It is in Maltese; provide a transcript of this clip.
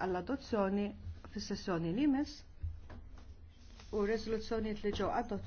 għall-adozzjoni fis-sessjoni li mis u r-rezoluzzjonijiet li ġew adottati